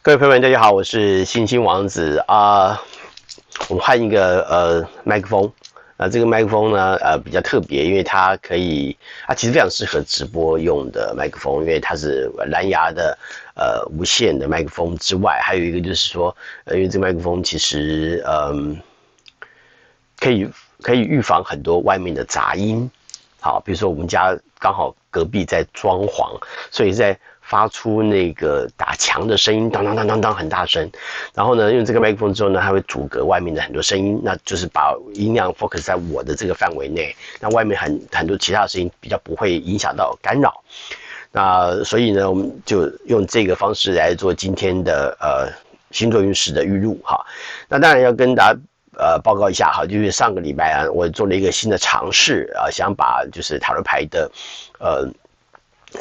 各位朋友們，大家好，我是星星王子啊、呃。我們換一個呃麥克風呃，這個麥克風呢呃比較特別，因為它可以啊，它其實非常適合直播用的麥克風，因為它是藍牙的呃無線的麥克風之外，還有一個就是說呃，因為這個麥克風其實嗯、呃、可以可以預防很多外面的雜音。好，比如說我們家剛好隔壁在裝潢，所以在發出那個打牆的聲音，當當當當當，很大聲。然後呢，用這個麥克風之後呢，它會阻隔外面的很多聲音，那就是把音量 focus 在我的這個範圍內，那外面很很多其他的聲音比較不會影響到干擾。那所以呢，我們就用這個方式來做今天的呃星座運勢的預錄哈。那當然要跟大家呃報告一下哈，就是上個禮拜啊，我做了一個新的嘗試啊，想把就是塔羅牌的呃。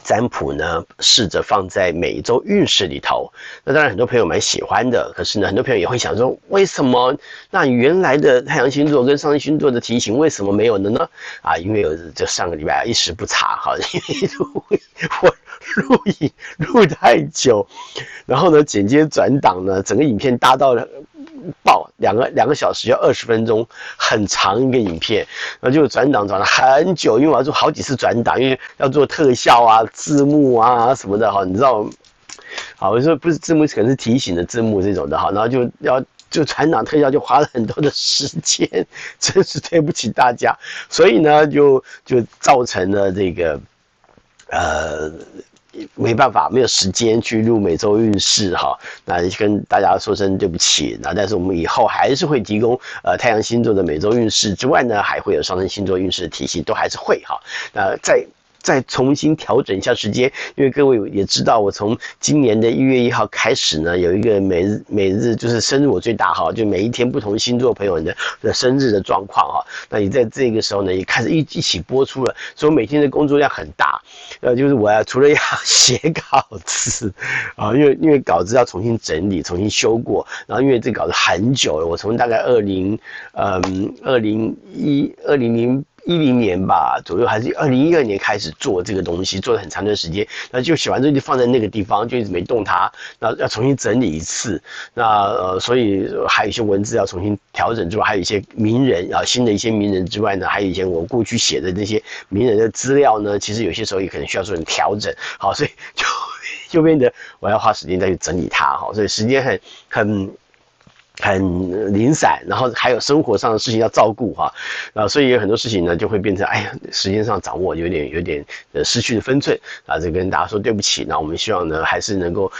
占卜呢，試着放在每一周運勢裡頭。那當然，很多朋友蠻喜歡的。可是呢，很多朋友也會想說，為什麼那原來的太陽星座跟上升星座的提醒為什麼沒有了呢？啊，因為有就上個禮拜一時不察哈，因為我錄影錄太久，然後呢，剪接轉檔呢，整個影片搭到了。爆兩個兩個小時要二十分鐘，很長一個影片，然後就轉檔轉了很久，因為我要做好幾次轉檔，因為要做特效啊、字幕啊什麼的哈，你知道，好我說不是字幕可能是提醒的字幕這種的哈，然後就要就轉檔特效就花了很多的時間，真是對不起大家，所以呢就就造成了這個，呃。沒辦法，沒有時間去錄每周運勢哈，那跟大家說聲對不起。那但是我們以後還是會提供呃太陽星座的每周運勢之外呢，還會有上升星座運勢的提醒，都還是會哈。那在。再重新調整一下時間，因為各位也知道，我從今年的一月一號開始呢，有一個每日每日就是生日，我最大哈，就每一天不同星座朋友的的生日的狀況哈。那也在這個時候呢，也開始一一起播出了，所以我每天的工作量很大。呃，就是我要、啊、除了要寫稿子啊、呃，因為因為稿子要重新整理、重新修過，然後因為這稿子很久了，我從大概二零嗯二零一二零零。2001，一零年吧左右，還是二零一二年開始做這個東西，做了很長的時間。那就寫完之後就放在那個地方，就一直沒動它。那要重新整理一次，那呃，所以還有一些文字要重新調整之外，還有一些名人啊，新的一些名人之外呢，還有一些我過去寫的那些名人的資料呢，其實有些時候也可能需要做調整。好，所以就就變得我要花時間再去整理它。好，所以時間很很。很很零散，然後還有生活上的事情要照顧哈，啊，所以有很多事情呢就會變成，哎呀，時間上掌握有點有點呃失去的分寸，啊，就跟大家說對不起，那、啊、我們希望呢還是能夠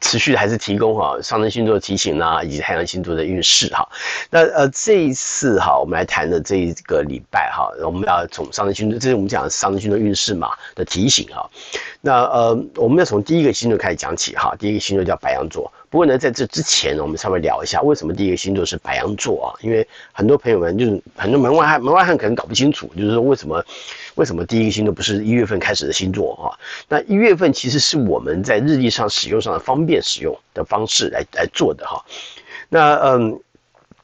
持續的還是提供哈、啊、上升星座的提醒啊，以及太陽星座的運勢哈，那呃這一次哈、啊，我們來談的這一個禮拜哈、啊，我們要從上升星座，這是我們講的上升星座運勢嘛的提醒哈。啊那呃，我們要從第一個星座開始講起哈。第一個星座叫白羊座。不過呢，在這之前呢，我們稍微聊一下為什麼第一個星座是白羊座啊？因為很多朋友們就是很多門外漢，門外漢可能搞不清楚，就是說為什麼為什麼第一個星座不是一月份開始的星座啊？那一月份其實是我們在日曆上使用上的方便使用的方式來來做的哈。那嗯。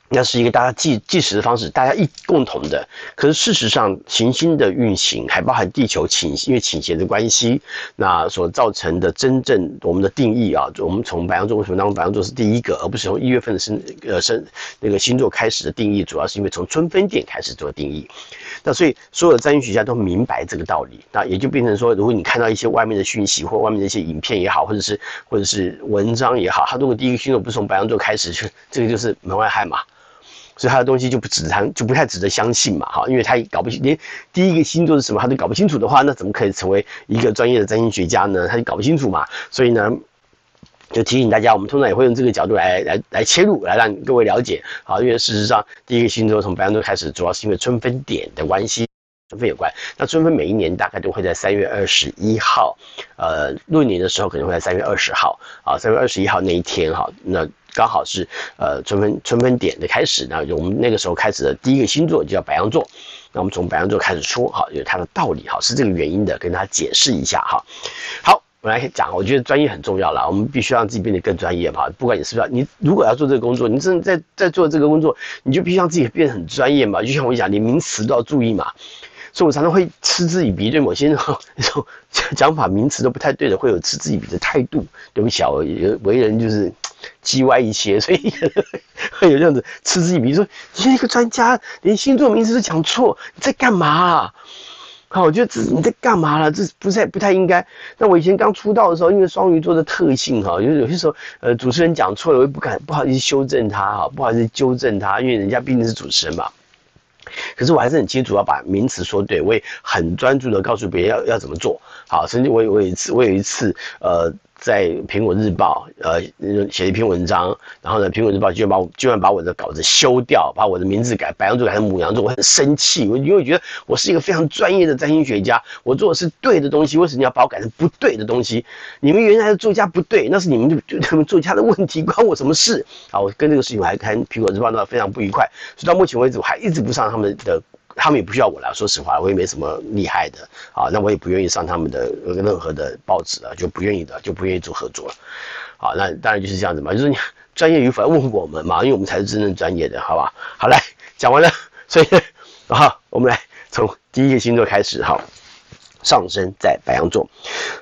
那是一個大家計計時的方式，大家一共同的。可是事實上，行星的運行還包含地球傾，因為傾斜的關係，那所造成的真正我們的定義啊，我們從白羊座為什麼當中，白羊座是第一個，而不是從一月份的生呃生，那個星座開始的定義，主要是因為從春分點開始做定義。那所以所有的占星學家都明白這個道理，那也就變成說，如果你看到一些外面的訊息或外面的一些影片也好，或者是或者是文章也好，他如果第一個星座不是從白羊座開始，就這個就是門外漢嘛。所以他的東西就不值得，就不太值得相信嘛，哈，因為他搞不清連第一個星座是什麼，他都搞不清楚的話，那怎麼可以成為一個專業的占星學家呢？他就搞不清楚嘛，所以呢，就提醒大家，我們通常也會用這個角度來來來切入，來讓各位了解，好，因為事實上第一個星座從白羊座開始，主要是因為春分點的關係，春分有關。那春分每一年大概都會在三月二十一號，呃，閏年的時候可能會在三月二十號，啊，三月二十一號那一天，哈，那。剛好是呃春分春分點的開始呢，那我們那個時候開始的第一個星座就叫白羊座，那我們從白羊座開始說哈，有它的道理哈，是這個原因的，跟大家解釋一下哈。好，我來講，我覺得專業很重要了，我們必須讓自己變得更專業嘛，不管你是不是要，你如果要做這個工作，你正在在做這個工作，你就必須讓自己變得很專業嘛，就像我講，你名詞都要注意嘛。所以，我常常會嗤之以鼻，對某些人那種講法、名詞都不太對的，會有嗤之以鼻的態度。對不起啊、哦、我也為人就是嘰歪一些，所以呵呵會有這樣子嗤之以鼻，說你一個專家連星座名詞都講錯，你在幹嘛、啊？好，我覺得這你在幹嘛了、啊？這不是不太應該。那我以前剛出道的時候，因為雙魚座的特性哈、哦，就是有些時候呃，主持人講錯了，我也不敢不好意思修正他哈、哦，不好意思糾正他，因為人家畢竟是主持人嘛。可是我還是很清楚要把名詞說對，我也很專注的告訴別人要要怎麼做，好，甚至我有一次我有一次，有一次呃。在《蘋果日報》呃，寫一篇文章，然後呢，《蘋果日報》就居然把我，居然把我的稿子修掉，把我的名字改，白羊座改成母羊座，我很生氣，我因為我覺得我是一個非常專業的占星學家，我做的是對的東西，為什麼要把我改成不對的東西？你們原來的作家不對，那是你們就就他們作家的問題，關我什麼事？啊，我跟這個事情還看《蘋果日報》鬧非常不愉快，所以到目前為止我還一直不上他們的。他們也不需要我了，說實話，我也沒什麼厲害的啊，那我也不願意上他們的任何的報紙了，就不願意的，就不願意做合作了，啊，那當然就是這樣子嘛，就是你專業與否要問過我們嘛，因為我們才是真正專業的，好吧？好嘞，講完了，所以，哈、啊，我們來從第一個星座開始哈、啊，上升在白羊座，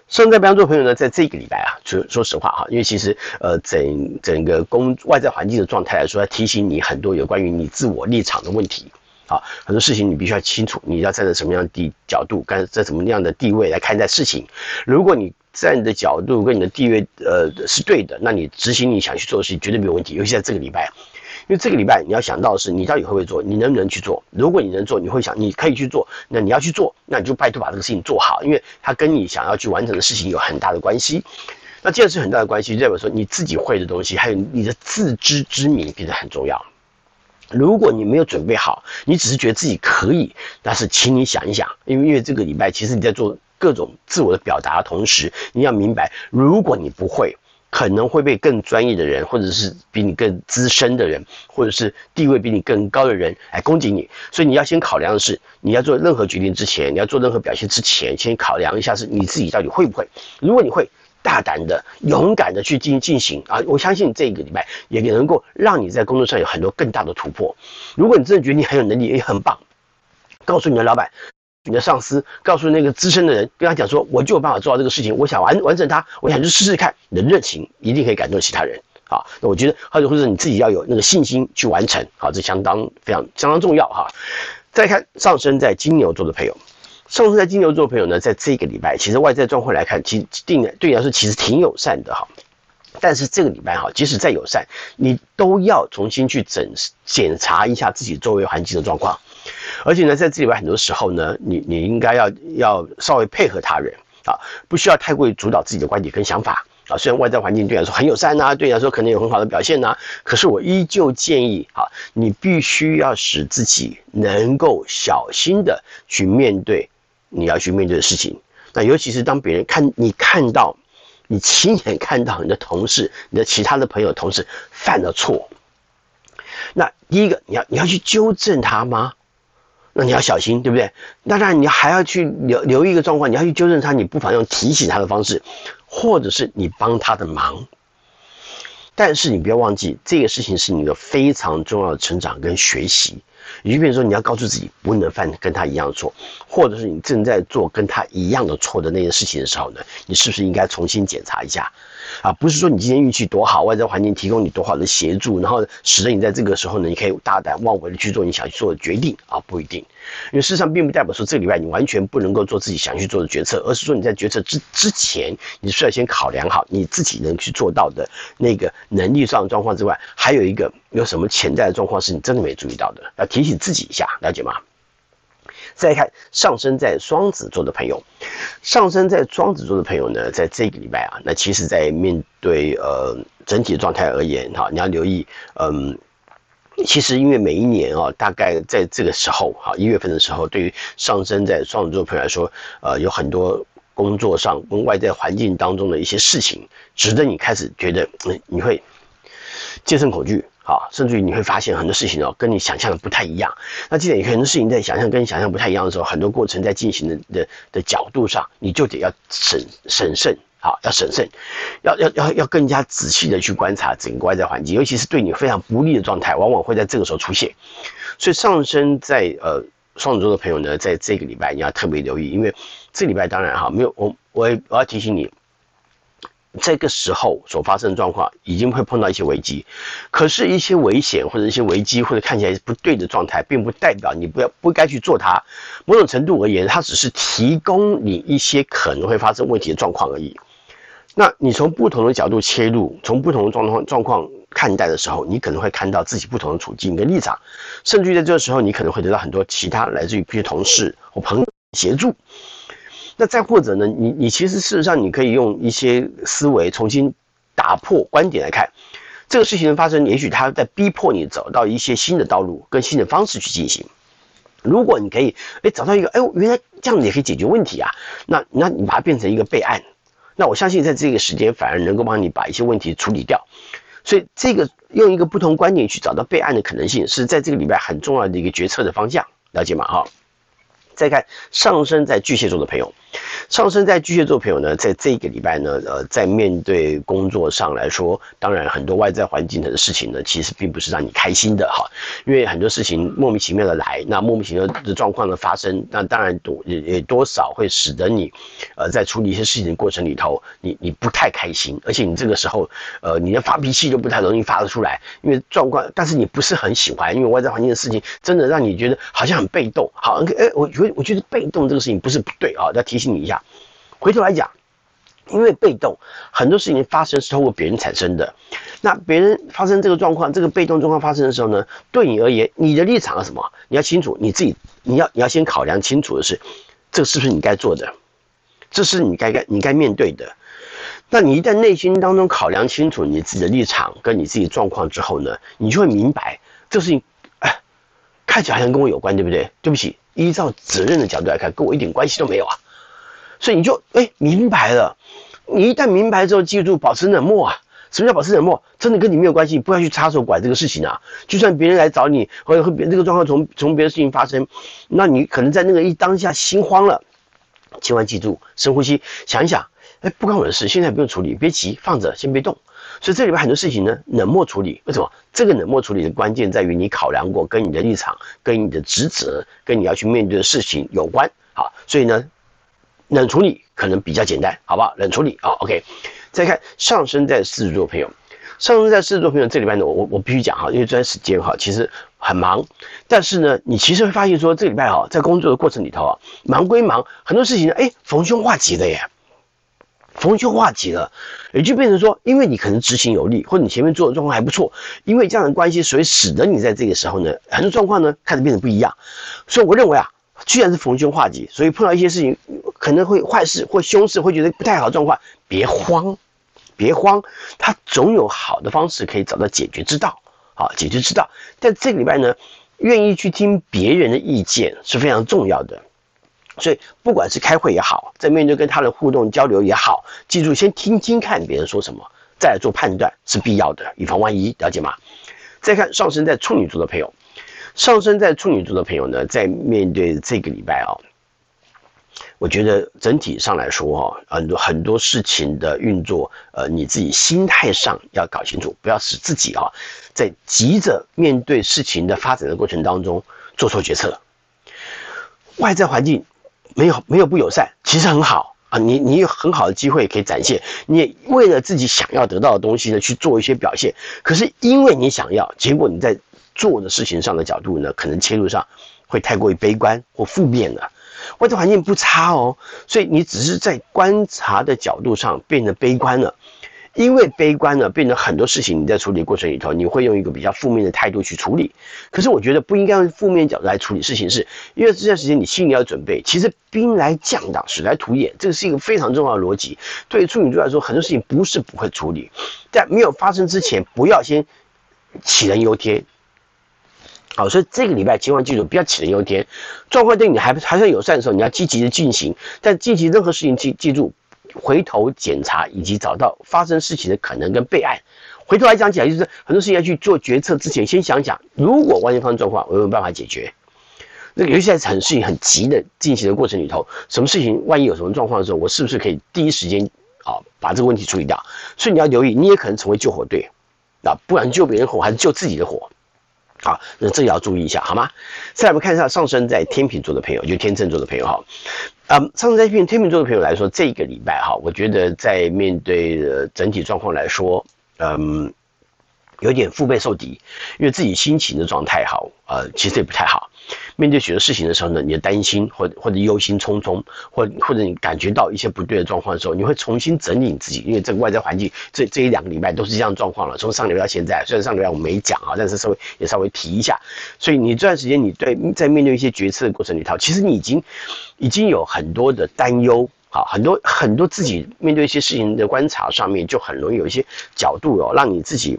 上升在白羊座朋友呢，在這個禮拜啊，說說實話哈、啊，因為其實呃，整整個公外在環境的狀態來說，要提醒你很多有關於你自我立場的問題。啊，很多事情你必須要清楚，你要站在什麼樣的地角度，跟在什麼樣的地位來看待事情。如果你站的角度跟你的地位呃是對的，那你執行你想去做的事情絕對沒有問題。尤其在這個禮拜，因為這個禮拜你要想到的是，你到底會不會做，你能不能去做。如果你能做，你會想你可以去做，那你要去做，那你就拜託把這個事情做好，因為它跟你想要去完成的事情有很大的關係。那既然是很大的關係，代表說你自己會的東西，還有你的自知之明變得很重要。如果你沒有準備好，你只是覺得自己可以，但是請你想一想，因為因為這個禮拜，其實你在做各種自我的表達的同時，你要明白，如果你不會，可能會被更專業的人，或者是比你更資深的人，或者是地位比你更高的人，來、哎、攻擊你。所以你要先考量的是，你要做任何決定之前，你要做任何表現之前，先考量一下是你自己到底會不會。如果你會，大膽的、勇敢的去進行進行啊！我相信這個禮拜也也能夠讓你在工作上有很多更大的突破。如果你真的覺得你很有能力，也很棒，告訴你的老闆、你的上司，告訴那個資深的人，跟他講說，我就有辦法做到這個事情，我想完完成它，我想去試試看。你的熱情一定可以感動其他人啊！那我覺得，或者或者你自己要有那個信心去完成，好，這相當非常相當重要哈。再看上升在金牛座的朋友。上次在金牛座朋友呢，在這個禮拜其實外在狀況來看，其實對你對你來說其實挺友善的哈。但是這個禮拜哈，即使再友善，你都要重新去整檢查一下自己周圍環境的狀況。而且呢，在這裡邊很多時候呢，你你應該要要稍微配合他人啊，不需要太過於主導自己的觀點跟想法啊。雖然外在環境對你來說很友善吶、啊，對你來說可能有很好的表現吶、啊，可是我依舊建議啊，你必須要使自己能夠小心的去面對。你要去面對的事情，那尤其是當別人看你看到，你親眼看到你的同事、你的其他的朋友、同事犯了錯，那第一個你要你要去糾正他嗎？那你要小心，對不對？當然，你還要去留留一個狀況，你要去糾正他，你不妨用提醒他的方式，或者是你幫他的忙。但是你不要忘記，這個事情是你的非常重要的成長跟學習。你就比如說，你要告訴自己不能犯跟他一樣的錯，或者是你正在做跟他一樣的錯的那些事情的時候呢，你是不是應該重新檢查一下？啊，不是說你今天運氣多好，外在環境提供你多好的協助，然後使得你在這個時候呢，你可以大膽妄為的去做你想去做的決定啊，不一定。因為事實上並不代表說這個禮拜你完全不能夠做自己想去做的決策，而是說你在決策之之前，你需要先考量好你自己能去做到的那個能力上的狀況之外，還有一個有什麼潛在的狀況是你真的沒注意到的啊。提醒自己一下，了解嗎？再看上升在雙子座的朋友，上升在雙子座的朋友呢，在這個禮拜啊，那其實，在面對呃整體狀態而言哈、啊，你要留意，嗯，其實因為每一年啊，大概在這個時候啊，一月份的時候，對於上升在雙子座朋友來說，呃，有很多工作上跟外在環境當中的一些事情，值得你開始覺得、嗯、你會戒慎恐懼。好，甚至於你會發現很多事情哦，跟你想象的不太一樣。那既然有很多事情在想象跟你想象不太一樣的時候，很多過程在進行的的的角度上，你就得要審審慎，好，要審慎，要要要要更加仔細的去觀察整個外在環境，尤其是對你非常不利的狀態，往往會在這個時候出現。所以上升在呃雙子座的朋友呢，在這個禮拜你要特別留意，因為這禮拜當然哈，沒有，我我我要提醒你。這個時候所發生的狀況，已經會碰到一些危機，可是，一些危險或者一些危機或者看起來不對的狀態，並不代表你不要不該去做它。某種程度而言，它只是提供你一些可能會發生問題的狀況而已。那你從不同的角度切入，從不同的狀況狀況看待的時候，你可能會看到自己不同的處境跟立場，甚至於在這個時候，你可能會得到很多其他來自於譬如同事或朋友協助。那再或者呢，你你其實事實上，你可以用一些思維重新打破觀點來看這個事情的發生。也許它在逼迫你找到一些新的道路，跟新的方式去進行。如果你可以哎找到一個哎原來這樣子也可以解決問題啊，那那你把它變成一個備案。那我相信在這個時間反而能夠幫你把一些問題處理掉。所以這個用一個不同觀點去找到備案的可能性，是在這個禮拜很重要的一個決策的方向，了解嗎？哈，再看上升在巨蟹座的朋友。上升在巨蟹座朋友呢，在這個禮拜呢，呃，在面對工作上來說，當然很多外在環境的事情呢，其實並不是讓你開心的哈，因為很多事情莫名其妙的來，那莫名其妙的狀況的發生，那當然多也也多少會使得你，呃，在處理一些事情的過程裡頭，你你不太開心，而且你這個時候，呃，你的發脾氣就不太容易發得出來，因為狀況，但是你不是很喜歡，因為外在環境的事情真的讓你覺得好像很被動，好，哎、欸，我覺得我覺得被動這個事情不是不對啊，要、哦、提醒。靜一下，回頭來講，因為被動，很多事情發生是通過別人產生的。那別人發生這個狀況，這個被動狀況發生的時候呢，對你而言，你的立場是什麼？你要清楚你自己，你要你要先考量清楚的是，這是不是你該做的？這是你該該你該面對的。那你一旦內心當中考量清楚你自己的立場跟你自己狀況之後呢，你就會明白，這事情哎，看起來好像跟我有關，對不對？對不起，依照責任的角度來看，跟我一點關係都沒有啊。所以你就哎明白了，你一旦明白之後，記住保持冷漠啊。什麼叫保持冷漠？真的跟你沒有關係，不要去插手管這個事情啊。就算別人來找你，或者和別這個狀況從從別的事情發生，那你可能在那個一當下心慌了，千萬記住深呼吸，想一想，哎，不關我的事，現在不用處理，別急，放着先別動。所以這裡邊很多事情呢，冷漠處理，為什麼？這個冷漠處理的關鍵在於你考量過跟你的立場、跟你的職責、跟你要去面對的事情有關。好，所以呢。冷處理可能比較簡單，好不好？冷處理啊，OK。再看上升在獅子座朋友，上升在獅子座朋友，這禮拜呢，我我必須講哈，因為這段時間哈，其實很忙。但是呢，你其實會發現說，這禮拜啊，在工作的過程裡頭啊，忙歸忙，很多事情哎、欸，逢凶化吉的耶。逢凶化吉了，也就變成說，因為你可能執行有力，或者你前面做的狀況還不錯，因為這樣的關係，所以使得你在這個時候呢，很多狀況呢，開始變得不一樣。所以我認為啊。居然是逢凶化吉，所以碰到一些事情可能會壞事或凶事，會覺得不太好狀況，別慌，別慌，他總有好的方式可以找到解決之道，好、啊、解決之道。但這個禮拜呢，願意去聽別人的意見是非常重要的，所以不管是開會也好，在面對跟他的互動交流也好，記住先聽聽看別人說什麼，再來做判斷是必要的，以防萬一，了解嗎？再看上升在處女座的朋友。上升在處女座的朋友呢，在面對這個禮拜哦。我覺得整體上來說哦，很多很多事情的運作，呃，你自己心態上要搞清楚，不要使自己哦，在急着面對事情的發展的過程當中，做錯決策。外在環境沒有沒有不友善，其實很好啊，你你有很好的機會可以展現，你也為了自己想要得到的東西呢去做一些表現，可是因為你想要，結果你在。做的事情上的角度呢，可能切入上會太過於悲觀或負面了。外在環境不差哦，所以你只是在觀察的角度上變得悲觀了。因為悲觀呢，變得很多事情你在處理過程裡頭，你會用一個比較負面的態度去處理。可是我覺得不應該用負面的角度來處理事情，是因為這段時間你心裡要準備，其實兵來將擋，水來土掩，這個是一個非常重要的邏輯。對於處女座來說，很多事情不是不會處理，在沒有發生之前，不要先杞人憂天。好，所以這個禮拜千萬記住，不要杞人憂天。狀況對你還還算友善的時候，你要積極的進行。但進行任何事情，記記住，回頭檢查以及找到發生事情的可能跟備案。回頭來講起來，就是很多事情要去做決策之前，先想想，如果萬一發生狀況，我有沒有辦法解決。那尤其在很事情很急的進行的過程裡頭，什麼事情萬一有什麼狀況的時候，我是不是可以第一時間啊把這個問題處理掉？所以你要留意，你也可能成為救火隊啊，不管救別人火還是救自己的火。好、啊，那這也要注意一下，好嗎？再來我們看一下上升在天秤座的朋友，就天秤座的朋友哈，啊、嗯，上升在天秤座的朋友來說，這個禮拜哈，我覺得在面對整體狀況來說，嗯，有點腹背受敵，因為自己心情的狀態哈，呃，其實也不太好。面對許多事情的時候呢，你的擔心或者或者憂心忡忡，或者或者你感覺到一些不對的狀況的時候，你會重新整理你自己，因為這個外在環境這這一兩個禮拜都是這樣的狀況了，從上禮拜到現在，雖然上禮拜我沒講啊，但是稍微也稍微提一下，所以你這段時間你對在面對一些決策的過程裡頭，其實你已經已經有很多的擔憂，好，很多很多自己面對一些事情的觀察上面，就很容易有一些角度哦，讓你自己，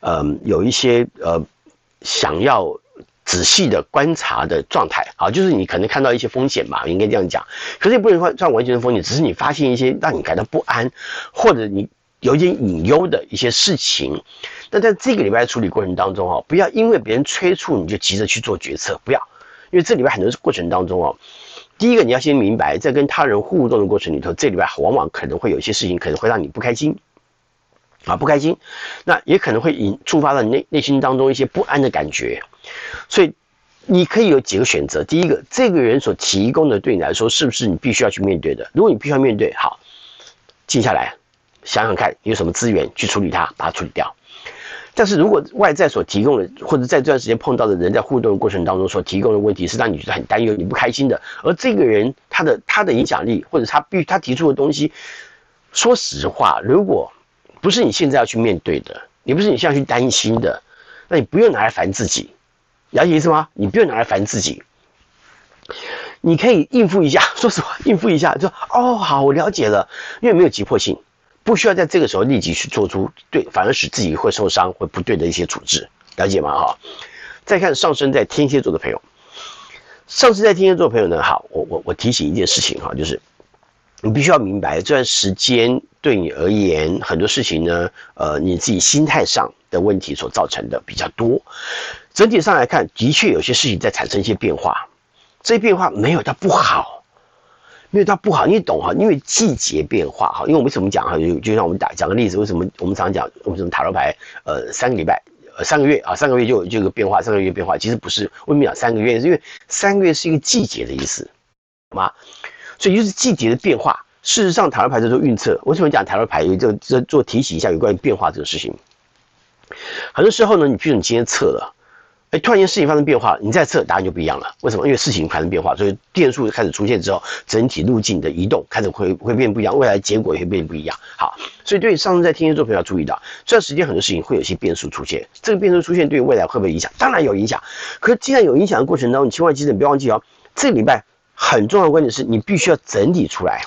嗯，呃，有一些呃想要。仔細的觀察的狀態啊，就是你可能看到一些風險吧，應該這樣講，可是也不能算完全的風險，只是你發現一些讓你感到不安，或者你有點隱憂的一些事情。那在這個禮拜的處理過程當中啊，不要因為別人催促你就急着去做決策，不要，因為這裡邊很多過程當中啊，第一個你要先明白，在跟他人互動的過程裡頭，這裡邊往往可能會有一些事情可能會讓你不開心。啊，不開心，那也可能會引觸發了你內內心當中一些不安的感覺，所以你可以有幾個選擇。第一個，這個人所提供的對你來說是不是你必須要去面對的？如果你必須要面對，好，靜下來想想看，有什麼資源去處理它，把它處理掉。但是如果外在所提供的，或者在這段時間碰到的人在互動的過程當中所提供的問題，是讓你覺得很擔憂、你不開心的，而這個人他的他的影響力，或者他必須他提出的東西，說實話，如果。不是你現在要去面對的，也不是你現在要去擔心的，那你不用拿來煩自己，了解意思嗎？你不用拿來煩自己，你可以應付一下。說實話，應付一下就哦，好，我了解了，因為沒有急迫性，不需要在這個時候立即去做出對，反而使自己會受傷或不對的一些處置，了解嗎？哈，再看上升在天蠍座的朋友，上升在天蠍座朋友呢，好，我我我提醒一件事情哈，就是。你必須要明白，這段時間對你而言，很多事情呢，呃，你自己心態上的問題所造成的比較多。整體上來看，的確有些事情在產生一些變化，這些變化沒有它不好，沒有它不好，你懂哈？因為季節變化哈，因為我們怎麼講哈？就就像我們打講個例子，為什麼我們常講我們什麼塔羅牌？呃，三個禮拜、三個月啊，三個月就這個變化，三個月變化，其實不是我們講三個月，因為三個月是一個季節的意思嘛。所以就是季節的變化。事實上台，塔羅牌在做預測，為什麼講塔羅牌？就在做提醒一下有關於變化這個事情。很多時候呢，你譬如你今天測了、欸，突然間事情發生變化了，你再測答案就不一樣了。為什麼？因為事情發生變化，所以變數開始出現之後，整體路徑的移動開始會會變不一樣，未來結果也會變不一樣。好，所以對於上升在天蠍座朋友要注意到，這段時間很多事情會有些變數出現。這個變數出現對於未來會不會影響？當然有影響。可是既然有影響的過程當中，你千萬記得你不要忘記哦，這個禮拜。很重要的觀點是你必須要整理出來，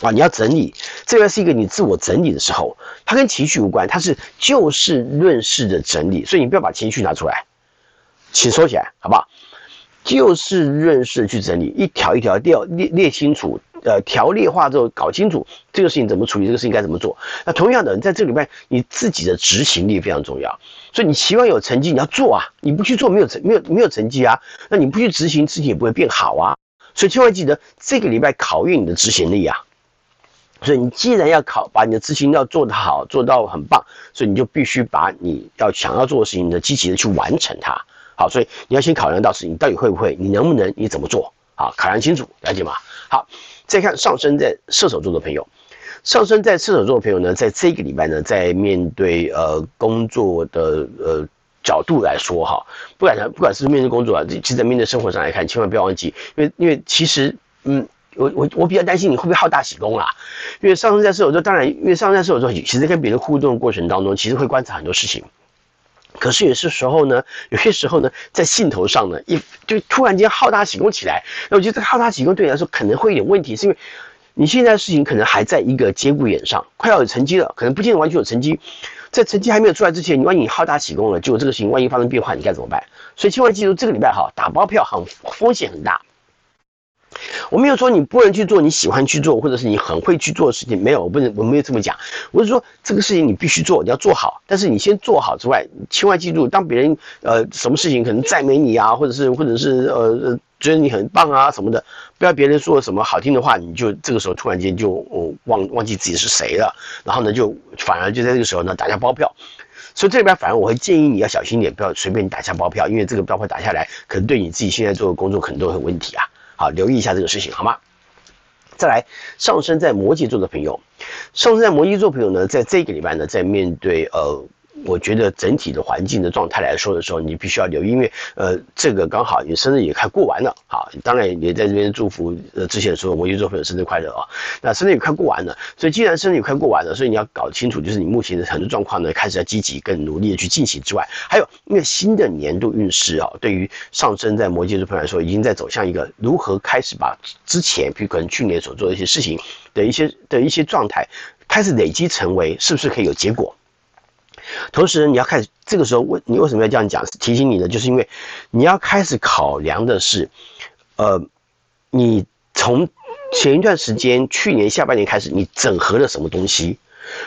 啊，你要整理這個是一個你自我整理的時候，它跟情緒無關，它是就事論事的整理，所以你不要把情緒拿出來，請收起來，好不好？就事論事去整理，一條一條調列列清楚，呃，條列化之後搞清楚這個事情怎麼處理，這個事情該怎麼做。那同樣的，你在這裡面，你自己的執行力非常重要。所以你希望有成績，你要做啊，你不去做沒有成沒有沒有成績啊，那你不去執行，自己也不會變好啊。所以千萬記得，這個禮拜考驗你的執行力啊。所以你既然要考，把你的執行要做得好，做到很棒，所以你就必須把你要想要做的事情，的積極的去完成它。好，所以你要先考量到事情到底會不會，你能不能，你怎麼做？好，考量清楚，了解嗎？好，再看上升在射手座的朋友。上升在射手座的朋友呢，在這個禮拜呢，在面對呃工作的呃角度來說哈，不管不管是面對工作啊，其實在面對生活上來看，千萬不要忘記，因為因為其實嗯，我我我比較擔心你會不會好大喜功啊，因為上升在射手座，當然因為上升在射手座，其實跟別人互動的過程當中，其實會觀察很多事情，可是有些時候呢，有些時候呢，在興頭上呢，一就突然間好大喜功起來，那我覺得好大喜功對你來說可能會有點問題，是因為。你現在事情可能還在一個節骨眼上，快要有成績了，可能不見得完全有成績。在成績還沒有出來之前，你萬一你好大喜功了，就這個事情萬一發生變化，你該怎麼辦？所以千萬記住，這個禮拜哈，打包票很風險很大。我沒有說你不能去做你喜歡去做，或者是你很會去做的事情，沒有，我不能我沒有這麼講。我是說這個事情你必須做，你要做好。但是你先做好之外，千萬記住，當別人呃什麼事情可能讚美你啊，或者是或者是呃。覺得你很棒啊，什麼的，不要別人說什麼好聽的話，你就這個時候突然間就、嗯、忘忘記自己是誰了，然後呢，就反而就在這個時候呢打下包票，所以這邊反而我會建議你要小心點，不要隨便打下包票，因為這個包票打下來，可能對你自己現在做的工作可能都很有問題啊，好，留意一下這個事情好嗎？再來，上升在摩羯座的朋友，上升在摩羯座的朋友呢，在這個禮拜呢，在面對呃。我覺得整體的環境的狀態來說的時候，你必須要留意，因為呃，這個剛好你生日也快過完了，好，當然也在這邊祝福呃之前說摩羯座朋友生日快樂啊、哦。那生日也快過完了，所以既然生日也快過完了，所以你要搞清楚，就是你目前的很多狀況呢，開始要積極、更努力的去進行之外，還有因為新的年度運勢啊、哦，對於上升在摩羯座朋友來說，已經在走向一個如何開始把之前，比如可能去年所做的一些事情的一些的一些狀態，開始累積成為，是不是可以有結果？同時，你要開始這個時候，你為什麼要這樣講提醒你呢？就是因為你要開始考量的是，呃，你從前一段時間，去年下半年開始，你整合了什麼東西，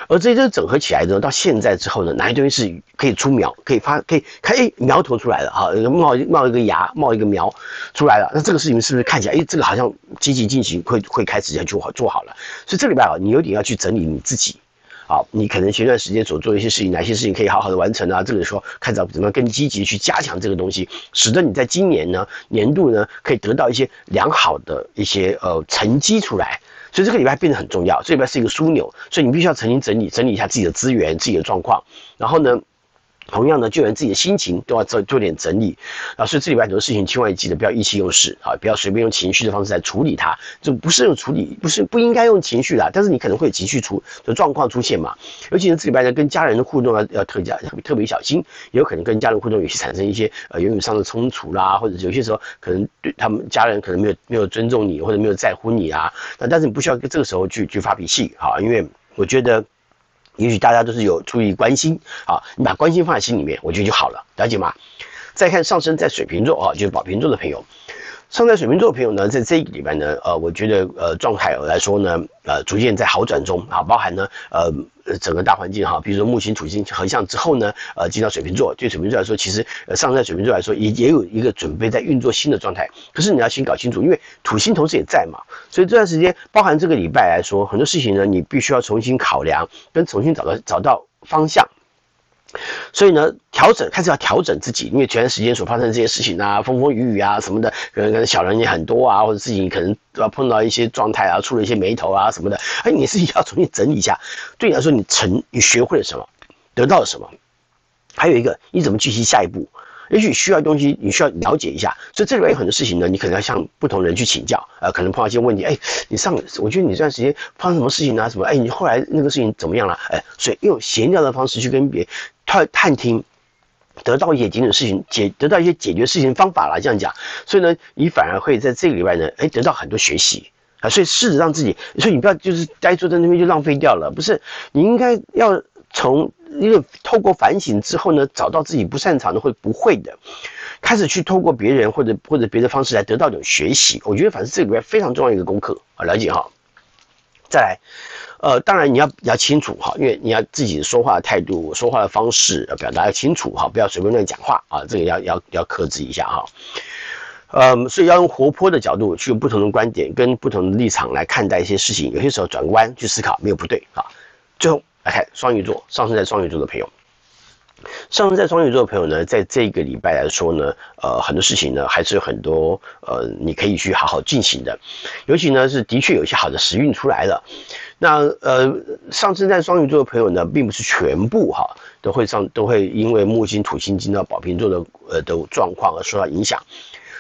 而這些都整合起來之後，到現在之後呢，哪些東西是可以出苗、可以發、可以開？誒，苗頭出來了，哈、啊，冒冒一個芽，冒一個苗出來了。那這個事情是不是看起來，誒，這個好像積極進行，會會開始要做好做好了？所以這個禮拜啊，你有點要去整理你自己。好，你可能前段時間所做的一些事情，哪些事情可以好好的完成啊？這個時候，看怎麼怎麼樣，更積極去加強這個東西，使得你在今年呢，年度呢，可以得到一些良好的一些呃成績出來。所以這個禮拜變得很重要，這禮拜是一個樞紐，所以你必須要重新整理整理一下自己的資源、自己的狀況，然後呢。同樣的，就連自己的心情都要做做點整理，啊，所以這禮拜很多事情千萬記得不要意氣用事啊，不要隨便用情緒的方式來處理它，就不是用處理，不是不應該用情緒的，但是你可能會有情緒出的狀況出現嘛，尤其是這禮拜呢，跟家人的互動要要特加特別小心，也有可能跟家人互動有些產生一些呃言語上的衝突啦，或者有些時候可能對他們家人可能沒有沒有尊重你或者沒有在乎你啊，但是你不需要這個時候去去發脾氣，好，因為我覺得。也許大家都是有出於關心啊，你把關心放在心裡面，我覺得就好了，了解嗎？再看上升在水瓶座啊，就是寶瓶座的朋友。上升在水瓶座的朋友呢，在這個禮拜呢，呃，我覺得呃狀態來說呢，呃，逐漸在好轉中啊，包含呢，呃，整個大環境哈，比如說木星土星合相之後呢，呃，進到水瓶座，對水瓶座來說，其實呃上升在水瓶座來說也也有一個準備在運作新的狀態，可是你要先搞清楚，因為土星同時也在嘛，所以這段時間包含這個禮拜來說，很多事情呢，你必須要重新考量跟重新找到找到方向。所以呢，調整開始要調整自己，因為前段時間所發生的這些事情啊，風風雨雨啊什麼的，可能可能小人也很多啊，或者自己可能碰到一些狀態啊，出了一些霉頭啊什麼的。哎，你自己要重新整理一下，對你來說，你成，你學會了什麼，得到了什麼？還有一個，你怎麼繼續下一步？也許需要東西，你需要了解一下，所以這裡面有很多事情呢，你可能要向不同人去請教，呃，可能碰到一些問題，哎、欸，你上，我覺得你這段時間發生什麼事情啊，什麼，哎、欸，你後來那個事情怎麼樣了，哎、欸，所以用閒聊的方式去跟別人探探聽，得到一些解決事情解，得到一些解決事情方法啦，這樣講，所以呢，你反而會在這個禮拜呢，哎、欸，得到很多學習啊，所以試着讓自己，所以你不要就是呆坐在那邊就浪費掉了，不是，你應該要從。因為透過反省之後呢，找到自己不擅長的或不會的，開始去透過別人或者或者別的方式來得到一種學習。我覺得反正這裡面非常重要一個功課，啊，了解哈。再來，呃，當然你要要清楚哈，因為你要自己說話的態度、說話的方式、表達要清楚哈，不要隨便亂講話啊，這個要要要克制一下哈。嗯、呃，所以要用活潑的角度，去有不同的觀點跟不同的立場來看待一些事情，有些時候轉彎去思考沒有不對啊。最後。來看雙魚座，上升在雙魚座的朋友，上升在雙魚座的朋友呢，在這個禮拜來說呢，呃，很多事情呢還是有很多呃，你可以去好好進行的，尤其呢是的確有一些好的時運出來了。那呃，上升在雙魚座的朋友呢，並不是全部哈、啊，都會上都會因為木星、土星、進到寶瓶座的呃的狀況而受到影響，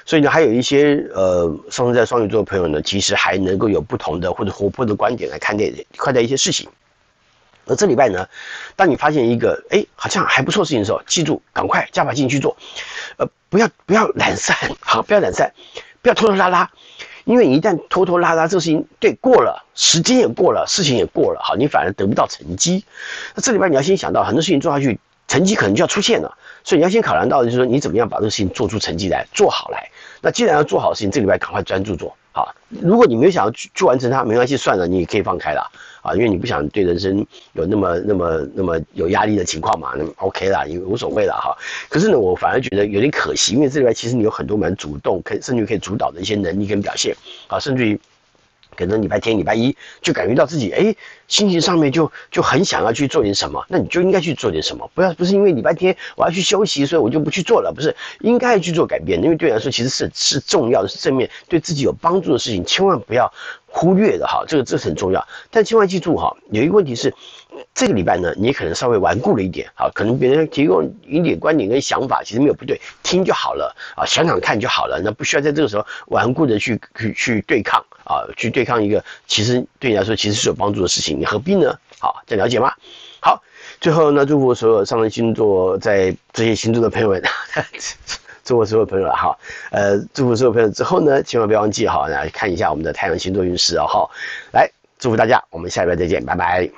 所以呢，還有一些呃上升在雙魚座的朋友呢，其實還能夠有不同的或者活潑的觀點來看待看待一些事情。那這禮拜呢，當你發現一個哎、欸、好像還不錯的事情的時候，記住趕快加把勁去做，呃不要不要懶散，好不要懶散，不要拖拖拉拉，因為你一旦拖拖拉拉，這個事情對過了時間也過了，事情也過了，好你反而得不到成績。那這禮拜你要先想到很多事情做下去，成績可能就要出現了，所以你要先考量到就是說你怎麼樣把這個事情做出成績來做好來。那既然要做好的事情，這禮拜趕快專注做好。如果你沒有想要去完成它，沒關係，算了，你也可以放開了。啊，因為你不想對人生有那麼、那麼、那麼有壓力的情況嘛，那 OK 啦，也無所謂啦哈。可是呢，我反而覺得有點可惜，因為這裡面其實你有很多蠻主動可以，可甚至可以主導的一些能力跟表現啊，甚至於。可能禮拜天、禮拜一就感覺到自己哎，心情上面就就很想要去做點什麼，那你就應該去做點什麼，不要不是因為禮拜天我要去休息，所以我就不去做了，不是應該去做改變，因為對你來說，其實是是重要的，是正面對自己有幫助的事情，千萬不要忽略的哈，這個這是很重要，但千萬記住哈，有一個問題是。這個禮拜呢，你可能稍微頑固了一點哈，可能別人提供一點觀點跟想法，其實沒有不對，聽就好了啊，想想看就好了，那不需要在這個時候頑固的去去去對抗啊，去對抗一個其實對你來說其實是有幫助的事情，你何必呢？好，這了解嗎？好，最後呢，祝福所有上升星座在這些星座的朋友們呵呵，祝福所有朋友了哈。呃，祝福所有朋友之後呢，千萬不要忘記哈，來看一下我們的太陽星座運勢啊哈，來祝福大家，我們下禮拜再見，拜拜。